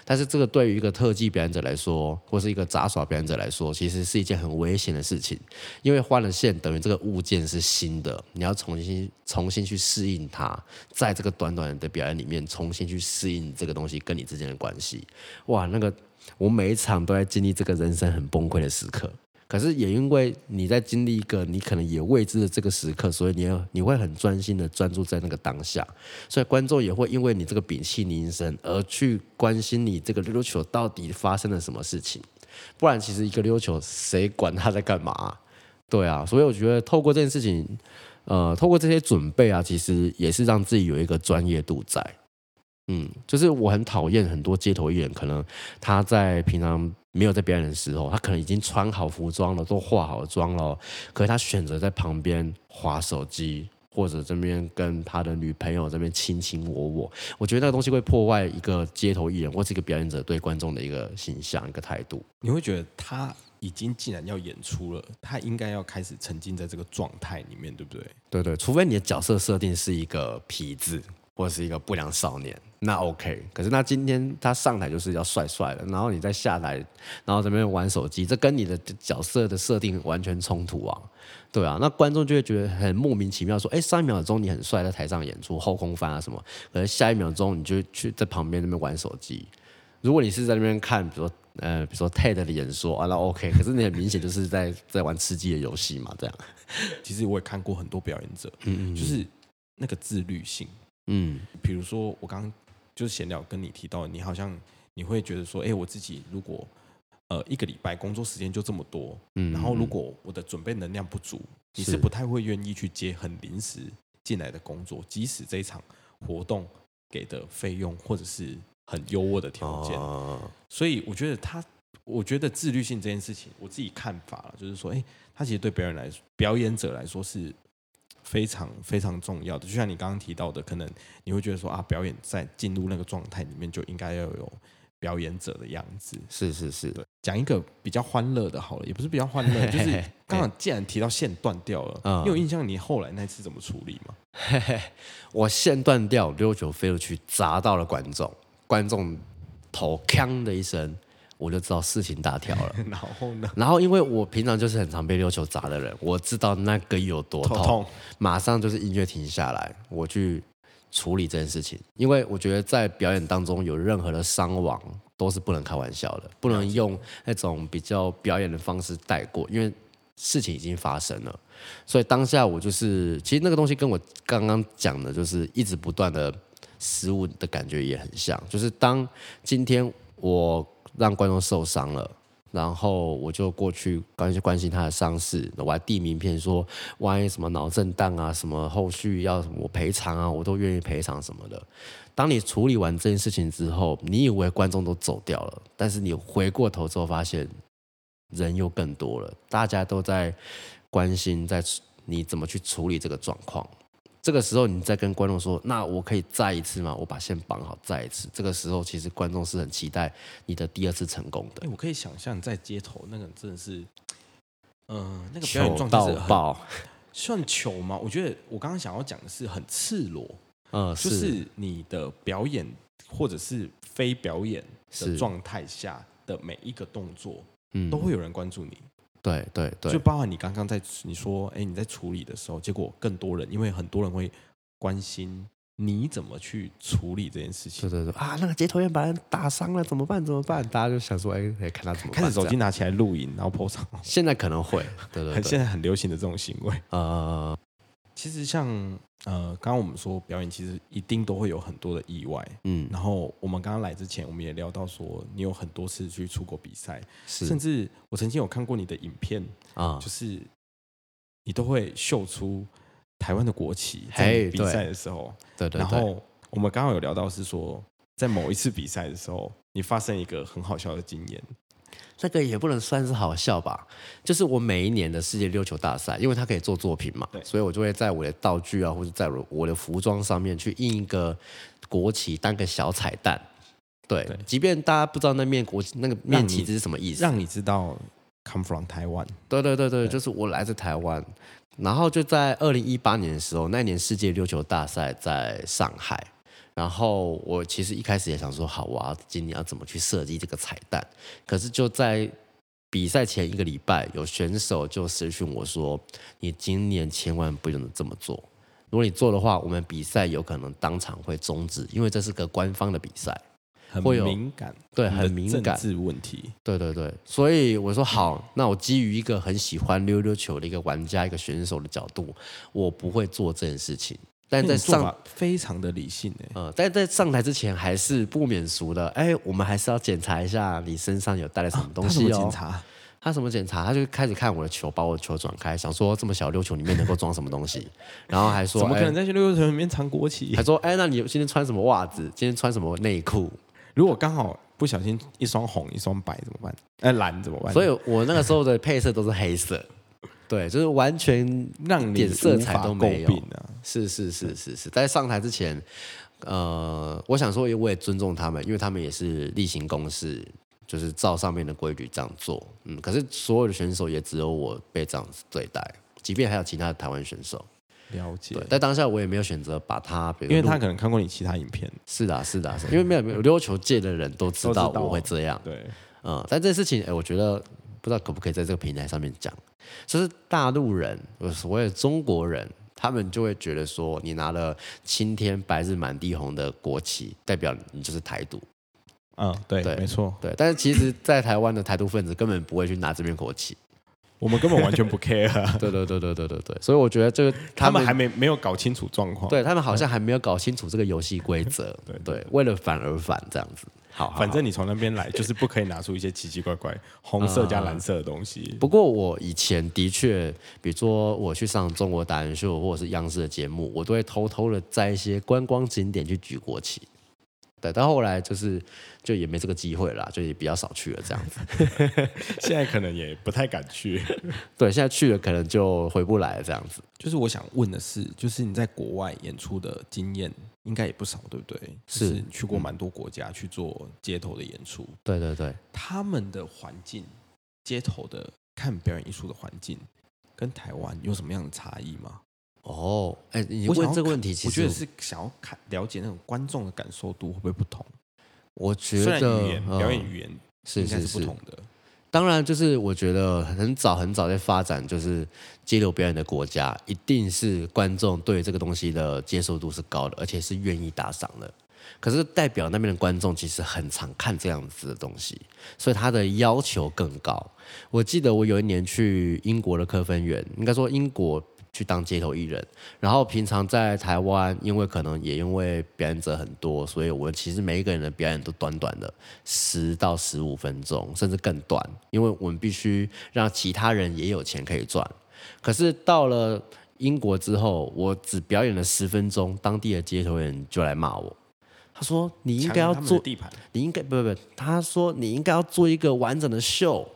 但是這個對於一個特技表演者來說，或是一個雜耍表演者來說，其實是一件很危險的事情，因為換了線等於這個物件是新的，你要重新重新去適應它，在這個短短的表演裡面重新去適應這個東西跟你之間的關係。哇，那個我每一場都在經歷這個人生很崩潰的時刻。可是也因為你在經歷一個你可能也未知的這個時刻，所以你要你會很專心的專注在那個當下，所以觀眾也會因為你這個屏氣凝神而去關心你這個溜溜球到底發生了什麼事情。不然其實一個溜溜球誰管他在幹嘛啊？對啊，所以我覺得透過這件事情，呃，透過這些準備啊，其實也是讓自己有一個專業度在。嗯，就是我很討厭很多街頭藝人，可能他在平常。沒有在表演的時候，他可能已經穿好服裝了，都化好妝了，可是他選擇在旁邊滑手機，或者這邊跟他的女朋友這邊卿卿我我。我覺得那個東西會破壞一個街頭藝人或是一個表演者對觀眾的一個形象、一個態度。你會覺得他已經既然要演出了，他應該要開始沉浸在這個狀態裡面，對不對？對對，除非你的角色設定是一個痞子，或者是一個不良少年。那 OK，可是那今天他上台就是要帥帥的，然後你再下來，然後在那邊玩手機，這跟你的角色的設定完全衝突啊！對啊，那觀眾就會覺得很莫名其妙，說：“哎，上一秒鐘你很帥，在台上演出後空翻啊什麼，可是下一秒鐘你就去在旁邊那邊玩手機。如果你是在那邊看，比如說呃，比如說 TED 的演說，啊，那 OK，可是你很明顯就是在 *laughs* 在，在玩吃雞的遊戲嘛，這樣。其實我也看過很多表演者，嗯嗯，嗯，就是那個自律性，嗯，比如說我剛。就是閒聊跟你提到，你好像你會覺得說，哎、欸，我自己如果呃一個禮拜工作時間就這麼多、嗯，然後如果我的準備能量不足，是你是不太會願意去接很臨時進來的工作，即使這一場活動給的費用或者是很優渥的條件、啊。所以我覺得他，我覺得自律性這件事情，我自己看法了，就是說，哎、欸，他其實對別人來說，表演者來說是。非常非常重要的，就像你剛剛提到的，可能你會覺得說啊，表演在進入那個狀態裡面就應該要有表演者的樣子，是是是，對。講一個比較歡樂的，好了，也不是比較歡樂的嘿嘿嘿，就是剛好既然提到線斷掉了，嗯，你有印象你後來那次怎麼處理嗎？嘿嘿我線斷掉，溜球飛出去，砸到了觀眾，觀眾頭吭的一聲。我就知道事情大條了， *laughs* 然後呢？然後因為我平常就是很常被溜球砸的人，我知道那個有多痛、痛、痛，馬上就是音樂停下來，我去處理這件事情。因為我覺得在表演當中有任何的傷亡都是不能開玩笑的，不能用那種比較表演的方式帶過，因為事情已經發生了。所以當下我就是，其實那個東西跟我剛剛講的就是一直不斷的失誤的感覺也很像，就是當今天我。讓觀眾受傷了，然後我就過去關心關心他的傷勢，我還遞名片說，萬一什麼腦震盪啊，什麼後續要什麼賠償啊，我都願意賠償什麼的。當你處理完這件事情之後，你以為觀眾都走掉了，但是你回過頭之後發現，人又更多了，大家都在關心，在你怎麼去處理這個狀況。這個時候，你再跟觀眾說：“那我可以再一次嗎？我把線綁好，再一次。”這個時候，其實觀眾是很期待你的第二次成功的。哎、欸，我可以想象在街頭那個真的是，嗯、呃，那個表演狀態很糗到爆，算糗嗎？我覺得我剛剛想要講的是很赤裸，嗯、呃，就是你的表演或者是非表演的狀態下的每一個動作，嗯、都會有人關注你。對對對，就包含你剛剛在你說，哎，你在處理的時候，結果更多人，因為很多人會關心你怎麼去處理這件事情。對對對，啊，那個街頭藝人把人打傷了，怎麼辦？怎麼辦？大家就想說，哎，看他怎麼辦，開始手機拿起來錄影，然後 po 上。現在可能會，對對，對很，現在很流行的這種行為。啊、 *laughs* 嗯。其實像呃，剛剛我們說表演，其實一定都會有很多的意外。嗯，然後我們剛剛來之前，我們也聊到說，你有很多次去出國比賽，是，甚至我曾經有看過你的影片啊，就是你都會秀出台灣的國旗。在比賽的時候，hey, 對，對，對對。然後我們剛剛有聊到是說，在某一次比賽的時候，你發生一個很好笑的經驗。那個也不能算是好笑吧，就是我每一年的世界溜球大賽，因為他可以做作品嘛，所以我就會在我的道具啊，或者在我我的服裝上面去印一個國旗當個小彩蛋。對，對即便大家不知道那面國那個面旗子是什麼意思，讓你，讓你知道 come from 台灣。對對對對，對，就是我來自台灣。然後就在二零一八年的時候，那年世界溜球大賽在上海。然後我其實一開始也想說，好，我要今年要怎麼去設計這個彩蛋？可是就在比賽前一個禮拜，有選手就私訊我說：“你今年千萬不能這麼做，如果你做的話，我們比賽有可能當場會終止，因為這是個官方的比賽，會有敏感對，很敏感政治問題，對對對。所以我說好，那我基於一個很喜歡溜溜球的一個玩家、一個選手的角度，我不會做這件事情。”但在上非常的理性哎、欸，嗯，但在上台之前還是不免俗的，哎、欸，我們還是要檢查一下你身上有帶來什麼東西、喔啊？他檢查？他什麼檢查？他就開始看我的球，把我的球轉開，想說這麼小溜球裡面能夠裝什麼東西？ *laughs* 然後還說怎麼可能在溜溜球裡面藏國旗？欸、還說哎、欸，那你今天穿什麼襪子？今天穿什麼內褲？ *laughs* 如果剛好不小心一雙紅一雙白怎麼辦？哎、欸，藍怎麼辦？所以我那個時候的配色都是黑色。 *laughs* 對，就是完全讓你色彩都沒有。是是是是是，在上台之前，呃，我想說，我也尊重他們，因為他們也是例行公事，就是照上面的規律這樣做。嗯，可是所有的選手也只有我被這樣對待，即便還有其他的台灣選手。了解。在當下，我也沒有選擇把他比如，因為他可能看過你其他影片。是的、啊，是的、啊啊啊，因為沒有沒有溜球界的人都知道我會這樣。對，嗯，但這事情，哎、欸，我覺得不知道可不可以在這個平台上面講。就是大陸人，所謂的中國人，他們就會覺得說，你拿了青天白日滿地紅的國旗，代表你就是台獨。嗯，對，對沒錯，對。但是其實，在台灣的台獨分子根本不會去拿這邊國旗，我們根本完全不 care、啊。 *laughs* 對對對對對對，所以我覺得這個他，他們還沒沒有搞清楚狀況，對他們好像還沒有搞清楚這個遊戲規則。對對，對，為了反而反這樣子。好，好，好，反正你從那邊來就是不可以拿出一些奇奇怪怪、怪紅色加藍色的東西。嗯，好好。不過我以前的確，比如說我去上中國達人秀或者是央視的節目，我都會偷偷的在一些觀光景點去舉國旗。對，到後來就是就也沒這個機會啦，就也比較少去了這樣子。 *laughs* 現在可能也不太敢去。 *laughs* 對，現在去了可能就回不來了這樣子。就是我想問的是，就是你在國外演出的經驗。應該也不少，對不對？是、就是、去過蠻多國家、嗯、去做街頭的演出，對對對。他們的環境，街頭的看表演藝術的環境，跟台灣有什麼樣的差異嗎？哦，哎、欸，你問這個問題其實我，我覺得是想要看了解那種觀眾的感受度會不會不同。我覺得語言、嗯、表演語言是應該是不同的。是是是是。當然，就是我覺得很早很早在發展就是街頭表演的國家，一定是觀眾對這個東西的接受度是高的，而且是願意打賞的。可是代表那邊的觀眾其實很常看這樣子的東西，所以他的要求更高。我記得我有一年去英國的科芬園，應該說英國。去當街頭藝人，然後平常在台灣，因為可能也因為表演者很多，所以我其實每一個人的表演都短短的十到十五分鐘，甚至更短，因為我們必須讓其他人也有錢可以賺。可是到了英國之後，我只表演了十分鐘，當地的街頭人就來罵我，他說你應該要做，地盤你應該不不，不，他說你應該要做一個完整的秀。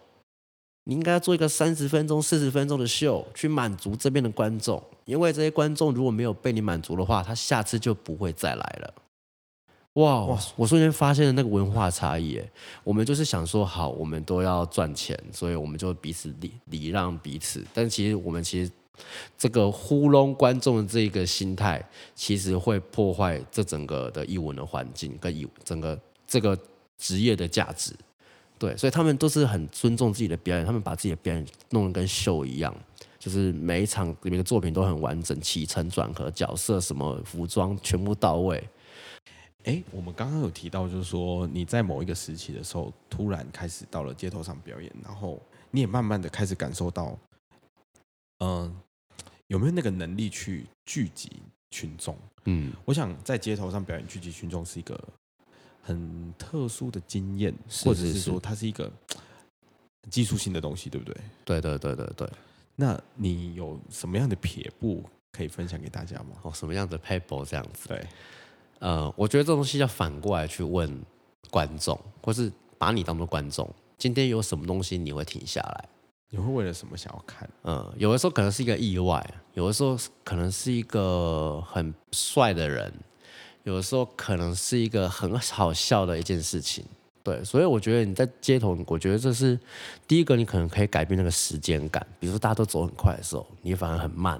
你應該要做一個三十分鐘、四十分鐘的秀，去滿足這邊的觀眾，因為這些觀眾如果沒有被你滿足的話，他下次就不會再來了。哇！我瞬間發現了那個文化差異。我們就是想說好，我們都要賺錢，所以我們就彼此禮禮讓彼此。但其實我們其實這個糊弄觀眾的這一個心態，其實會破壞這整個的藝文的環境跟整個這個職業的價值。對，所以他們都是很尊重自己的表演，他們把自己的表演弄得跟秀一樣，就是每一場裡面的作品都很完整，起承轉合，角色什麼，服裝全部到位。哎、欸，我們剛剛有提到，就是說你在某一個時期的時候，突然開始到了街頭上表演，然後你也慢慢的開始感受到，嗯、呃，有沒有那個能力去聚集群眾？嗯，我想在街頭上表演聚集群眾是一個。很特殊的經驗，是是是，或者是說它是一個技術性的東西，嗯、對不對？對對對對對，對。那你有什麼樣的撇步可以分享給大家嗎？哦，什麼樣的 paper 這樣子？對、呃。我覺得這東西要反過來去問觀眾，或是把你當做觀眾。今天有什麼東西你會停下來？你會為了什麼想要看？嗯、呃，有的時候可能是一個意外，有的時候可能是一個很帥的人。有的時候可能是一個很好笑的一件事情，對，所以我覺得你在街頭，我覺得這是第一個，你可能可以改變那個時間感。比如說大家都走很快的時候，你反而很慢，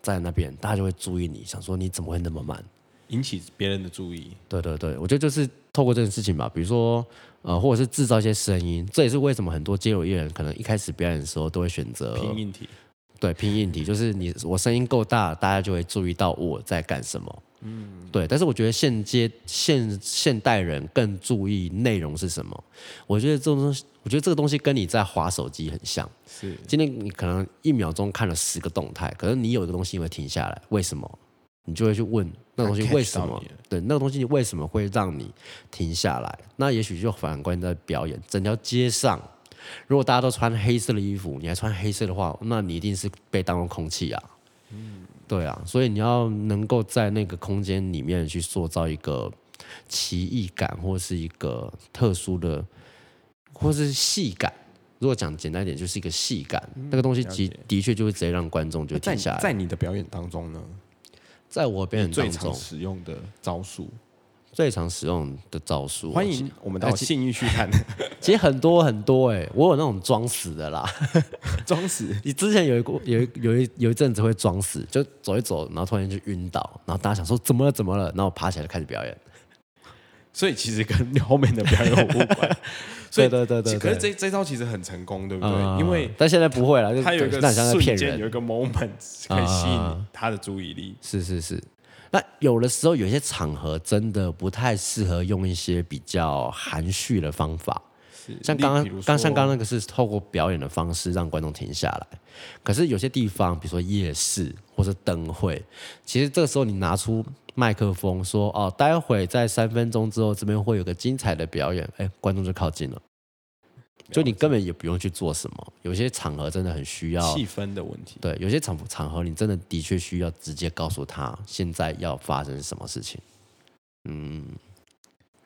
在那邊大家就會注意你，想說你怎麼會那麼慢，引起別人的注意。對對對，我覺得就是透過這件事情吧，比如說呃，或者是制造一些聲音，這也是為什麼很多街頭藝人可能一開始表演的時候都會選擇拼硬體，對，拼硬體就是你我聲音夠大，大家就會注意到我在幹什麼。嗯，對，但是我覺得現階現現代人更注意內容是什麼？我覺得這種東西，我覺得這個東西跟你在滑手機很像。是，今天你可能一秒鐘看了十個動態，可是你有一個東西會停下來，為什麼？你就會去問那個東西為什麼？對，那個東西你為什麼會讓你停下來？那也許就反觀在表演，整條街上，如果大家都穿黑色的衣服，你還穿黑色的話，那你一定是被當作空氣啊。嗯。對啊，所以你要能夠在那個空間裡面去塑造一個奇異感，或是一個特殊的，或是戲感。如果講簡單一點，就是一個戲感。嗯，那個東西其的確就會直接讓觀眾就停下來。在，在你的表演當中呢，在我表演當中最常使用的招數。最常使用的招數，歡迎我們到信義區看，哎哎。其實很多很多哎、欸，我有那種裝死的啦，裝死。 *laughs* 你之前有一個，有一有一有一陣子會裝死，就走一走，然後突然間就暈倒，然後大家想說怎麼了怎麼了，然後爬起來就開始表演。所以其實跟後面的表演無關。 *laughs* 所以對對對，對對對，可是這這招其實很成功，對不對？嗯、因為他但現在不會了，他有一個瞬間，有一個 moment 可以吸引、嗯、他的注意力。是是是。那有的時候有一些場合真的不太適合用一些比較含蓄的方法，像剛剛剛像剛剛那個是透過表演的方式讓觀眾停下來，可是有些地方，比如說夜市或是燈會，其實這個時候你拿出麥克風說：“哦，待會在三分鐘之後這邊會有個精彩的表演。”哎，觀眾就靠近了。就你根本也不用去做什麼，有些場合真的很需要氣氛的問題。對，有些場場合你真的的確需要直接告訴他現在要發生什麼事情。嗯，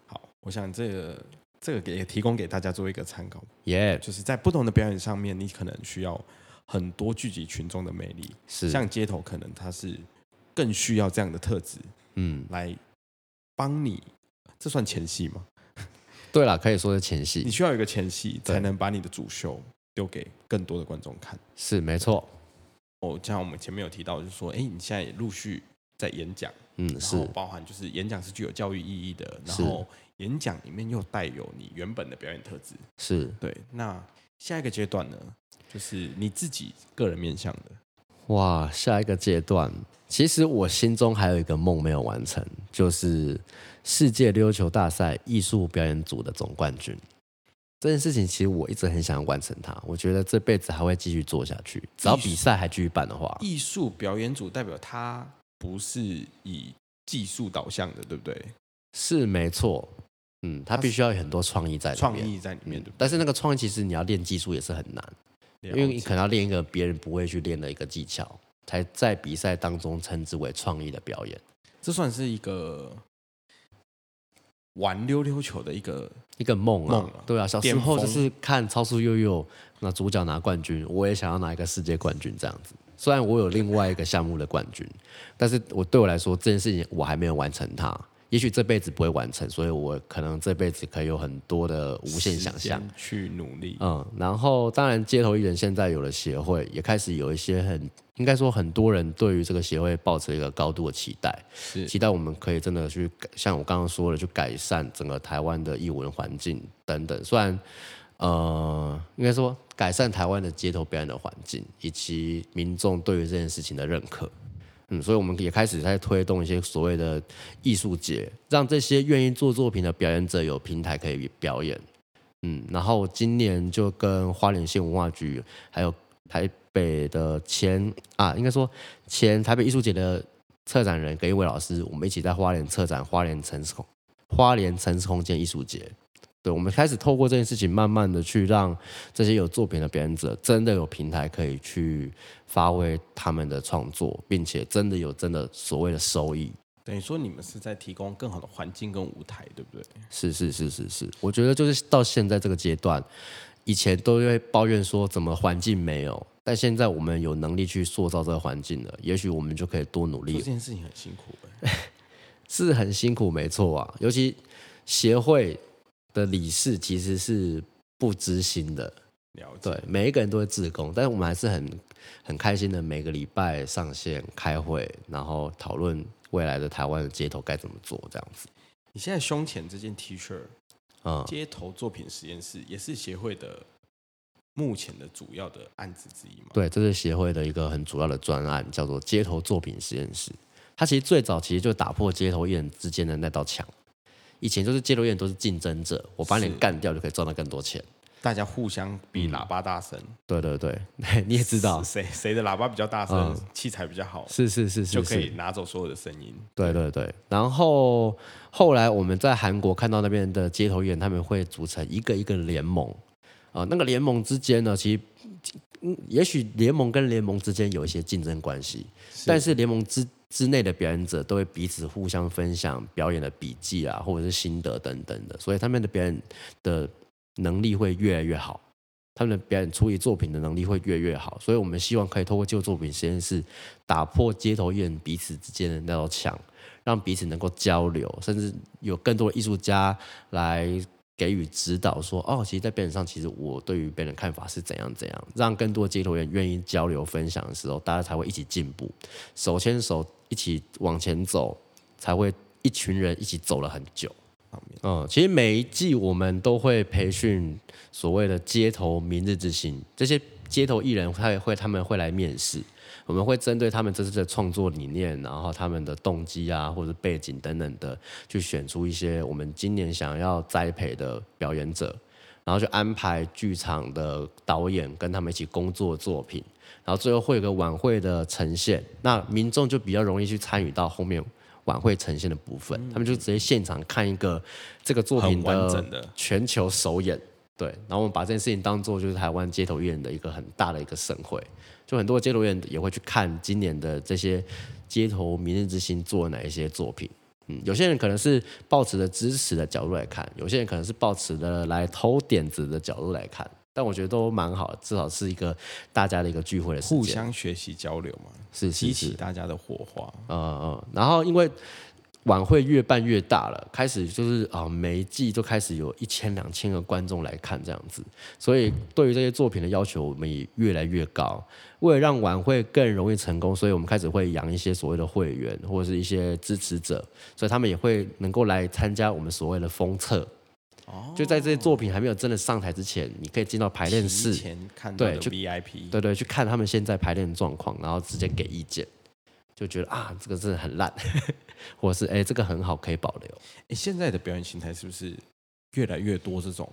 好，我想這個這個也提供給大家做一個參考。耶、Yeah，就是在不同的表演上面，你可能需要很多聚集群眾的魅力。是，像街頭可能他是更需要這樣的特質。嗯，來幫你，這算前戲嗎？對了，可以說是前戲，你需要有一個前戲，才能把你的主秀丟給更多的觀眾看。是，沒錯。哦，像我們前面有提到，就是說，哎，你現在也陸續在演講，嗯，是，然後包含就是演講是具有教育意義的，然後演講裡面又帶有你原本的表演特質。是，對。那下一個階段呢，就是你自己個人面向的。哇，下一個階段，其實我心中還有一個夢沒有完成，就是世界溜溜球大賽藝術表演組的總冠軍。這件事情其實我一直很想要完成它，我覺得這輩子還會繼續做下去，只要比賽還繼續辦的話。藝術，藝術表演組代表他不是以技術導向的，對不對？是沒錯，嗯，他必須要有很多創意在裡面，創意在裡面，嗯、對對，但是那個創意其實你要練技術也是很難。因為你可能要練一個別人不會去練的一個技巧，才在比賽當中稱之為創意的表演。這算是一個玩溜溜球的一個一個夢啊，夢啊！對啊，小時候就是看《超速悠悠》，那主角拿冠軍，我也想要拿一個世界冠軍這樣子。雖然我有另外一個項目的冠軍，啊、但是我對我來說這件事情我還沒有完成它。也許這輩子不會完成，所以我可能這輩子可以有很多的無限想象去努力。嗯，然後當然，街頭藝人現在有了協會，也開始有一些很應該說很多人對於這個協會抱持一個高度的期待，是期待我們可以真的去改，像我剛剛說的，去改善整個台灣的藝文環境等等。雖然呃，應該說改善台灣的街頭表演的環境，以及民眾對於這件事情的認可。嗯，所以我們也開始在推動一些所謂的藝術節，讓這些願意做作品的表演者有平台可以表演。嗯，然後今年就跟花蓮縣文化局，還有台北的前，啊，應該說前台北藝術節的策展人耿一偉老師，我們一起在花蓮策展花蓮城市空花蓮城市空間藝術節。對，我們開始透過這件事情，慢慢的去讓這些有作品的表演者，真的有平台可以去發揮他們的創作，並且真的有真的所謂的收益。等於說，你們是在提供更好的環境跟舞台，對不對？是是是是是，我覺得就是到現在這個階段，以前都會抱怨說怎麼環境沒有，但現在我們有能力去塑造這個環境了，也許我們就可以多努力。這件事情很辛苦， *laughs* 是很辛苦，沒錯啊，尤其協會。的理事其實是不知心的。了解。對每一個人都會志工，但是我們還是很很開心的，每個禮拜上線開會，然後討論未來的台灣的街頭該怎麼做這樣子。你現在胸前這件 T 恤，嗯，街頭作品實驗室也是協會的目前的主要的案子之一嘛。嗯，對，這是協會的一個很主要的專案，叫做街頭作品實驗室。它其實最早其實就打破街頭藝人之間的那道牆。以前都是街頭藝人，都是競爭者，我把你幹掉就可以賺到更多錢。大家互相比喇叭大聲、嗯。對對對，你也知道誰誰的喇叭比較大聲，嗯、器材比較好。是是，是是是是，就可以拿走所有的聲音。對對，對對。然後後來我們在韓國看到那邊的街頭藝人，他們會組成一個一個聯盟啊、呃。那個聯盟之間呢，其實也許聯盟跟聯盟之間有一些競爭關係，是但是聯盟之之內的表演者都會彼此互相分享表演的筆記啊，或者是心得等等的，所以他們的表演的能力會越來越好，他們的表演處理作品的能力會越來越好。所以我們希望可以通過舊作品實驗室打破街頭藝人彼此之間的那道牆，讓彼此能夠交流，甚至有更多的藝術家來給予指導說，說哦，其實，在表演上，其實我對於表演的看法是怎樣怎樣。讓更多街頭藝人願意交流分享的時候，大家才會一起進步，手牽手。一起往前走，才會一群人一起走了很久。嗯，其實每一季我們都會培訓所謂的街頭明日之星，這些街頭藝人，他也會他們會來面試，我們會針對他們這次的創作理念，然後他們的動機啊，或者背景等等的，去選出一些我們今年想要栽培的表演者，然後就安排劇場的導演跟他們一起工作作品。然後最後會有個晚會的呈現，那民眾就比較容易去參與到後面晚會呈現的部分，嗯、他們就直接現場看一個這個作品完整的全球首演。對，然後我們把這件事情當做就是台灣街頭藝人的一個很大的一個盛會，就很多街頭藝人也會去看今年的這些街頭明日之星做的哪一些作品。嗯，有些人可能是抱持着支持的角度來看，有些人可能是抱持著來偷點子的角度來看。但我覺得都蠻好，至少是一個大家的一個聚會的時間，互相學習交流嘛，是激起大家的火花。嗯嗯，嗯，然後因為晚會越辦越大了，開始就是啊、哦，每一季都開始有一千兩千個觀眾來看這樣子，所以對於這些作品的要求我們也越來越高。為了讓晚會更容易成功，所以我們開始會養一些所謂的會員或者是一些支持者，所以他們也會能夠來參加我們所謂的封測。就在這些作品還沒有真的上台之前，你可以進到排練室，對，去 VIP，對對，去看他們現在排練狀況，然後直接給意見，嗯、就覺得啊，這個真的很爛，或者是哎、欸，這個很好，可以保留。哎、欸，現在的表演形態是不是越來越多這種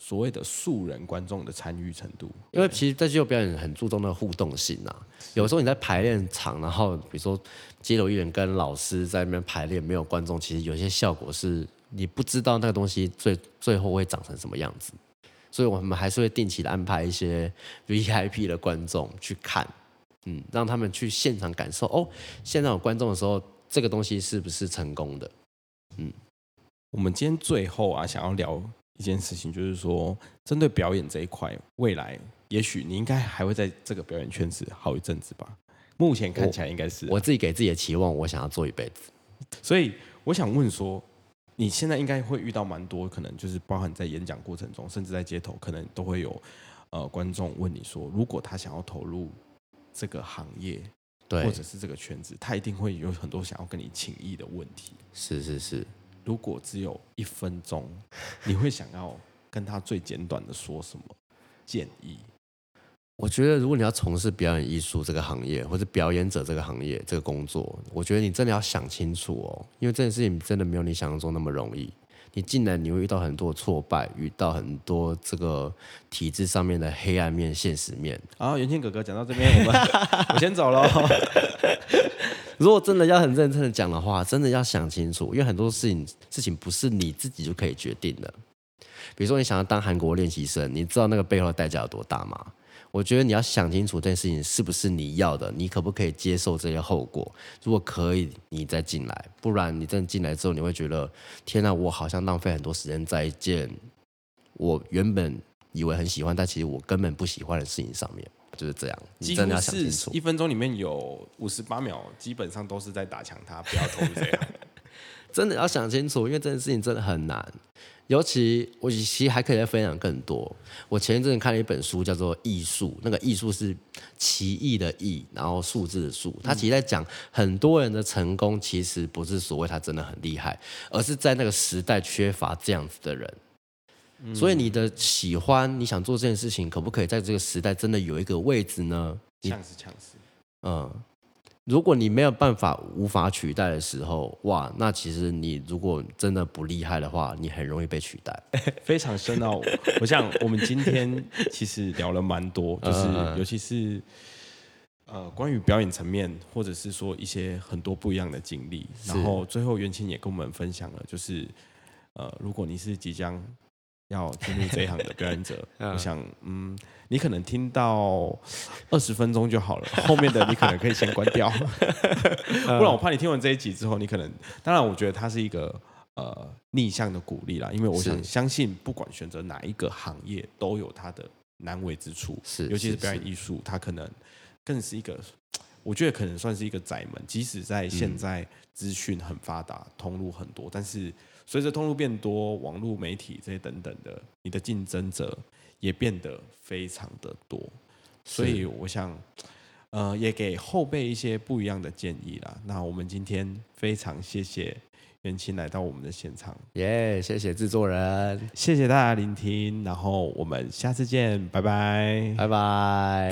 所謂的素人觀眾的參與程度？因為其實在街頭表演很注重那個互動性啊。有時候你在排練場，然後比如說街頭藝人跟老師在那邊排練，沒有觀眾，其實有些效果是。你不知道那個東西最最後會長成什麼樣子，所以我們還是會定期的安排一些 VIP 的觀眾去看，嗯，讓他們去現場感受。哦，現場有觀眾的時候，這個東西是不是成功的？嗯，我們今天最後啊，想要聊一件事情，就是說針對表演這一塊，未來也許你應該還會在這個表演圈子好一陣子吧。目前看起來應該是、啊、我，我自己給自己的期望，我想要做一輩子。所以我想問說。你現在應該會遇到蠻多，可能就是包含在演講過程中，甚至在街頭，可能都會有，呃，觀眾問你說，如果他想要投入這個行業，對，或者是這個圈子，他一定會有很多想要跟你請益的問題。是是是，如果只有一分鐘，你會想要跟他最簡短的說什麼建議？我覺得，如果你要從事表演藝術這個行業，或者表演者這個行業，這個工作，我覺得你真的要想清楚哦，因為這件事情真的沒有你想象中那麼容易。你進來，你會遇到很多挫敗，遇到很多這個體制上面的黑暗面、現實面。啊，元慶哥哥，講到這邊，我們 *laughs* 我先走嘍。 *laughs* 如果真的要很認真的講的話，真的要想清楚，因為很多事情事情不是你自己就可以決定的。比如說，你想要當韓國練習生，你知道那個背後的代價有多大嗎？我覺得你要想清楚這件事情是不是你要的，你可不可以接受這些後果？如果可以，你再進來；不然你真的進來之後，你會覺得天哪、啊，我好像浪費很多時間在一件我原本以為很喜歡，但其實我根本不喜歡的事情上面。就是這樣，你真的要想清楚。一分鐘裡面有五十八秒，基本上都是在打槍他，不要偷這樣。 *laughs* 真的要想清楚，因為這件事情真的很難。尤其，我其實還可以再分享更多。我前一陣看了一本書，叫做《異數》，那個異數是奇異的異，然後數字的數。他其實在講很多人的成功，其實不是所謂他真的很厲害，而是在那個時代缺乏這樣子的人、嗯。所以你的喜歡，你想做這件事情，可不可以在這個時代真的有一個位置呢？強是強是，嗯。如果你沒有辦法無法取代的時候，哇，那其實你如果真的不厲害的話，你很容易被取代。非常深奧、哦。我想我們今天其實聊了蠻多，就是尤其是嗯嗯呃關於表演層面，或者是說一些很多不一樣的經歷。然後最後元慶也跟我們分享了，就是呃如果你是即將要進入這一行的表演者， *laughs* 嗯、我想，嗯，你可能聽到二十分鐘就好了，後面的你可能可以先關掉， *laughs* 嗯、不然我怕你聽完這一集之後，你可能，當然，我覺得它是一個呃逆向的鼓勵啦，因為我想相信，不管選擇哪一個行業，都有它的難為之處，尤其是表演藝術，它可能更是一個，我覺得可能算是一個窄門，即使在現在資訊很發達，通路很多，但是。隨着通路變多，網絡媒體這些等等的，你的競爭者也變得非常的多，所以我想，呃，也給後輩一些不一樣的建議啦。那我們今天非常謝謝元慶來到我們的現場，耶、yeah，謝謝制作人，謝謝大家聆聽，然後我們下次見，拜拜，拜拜。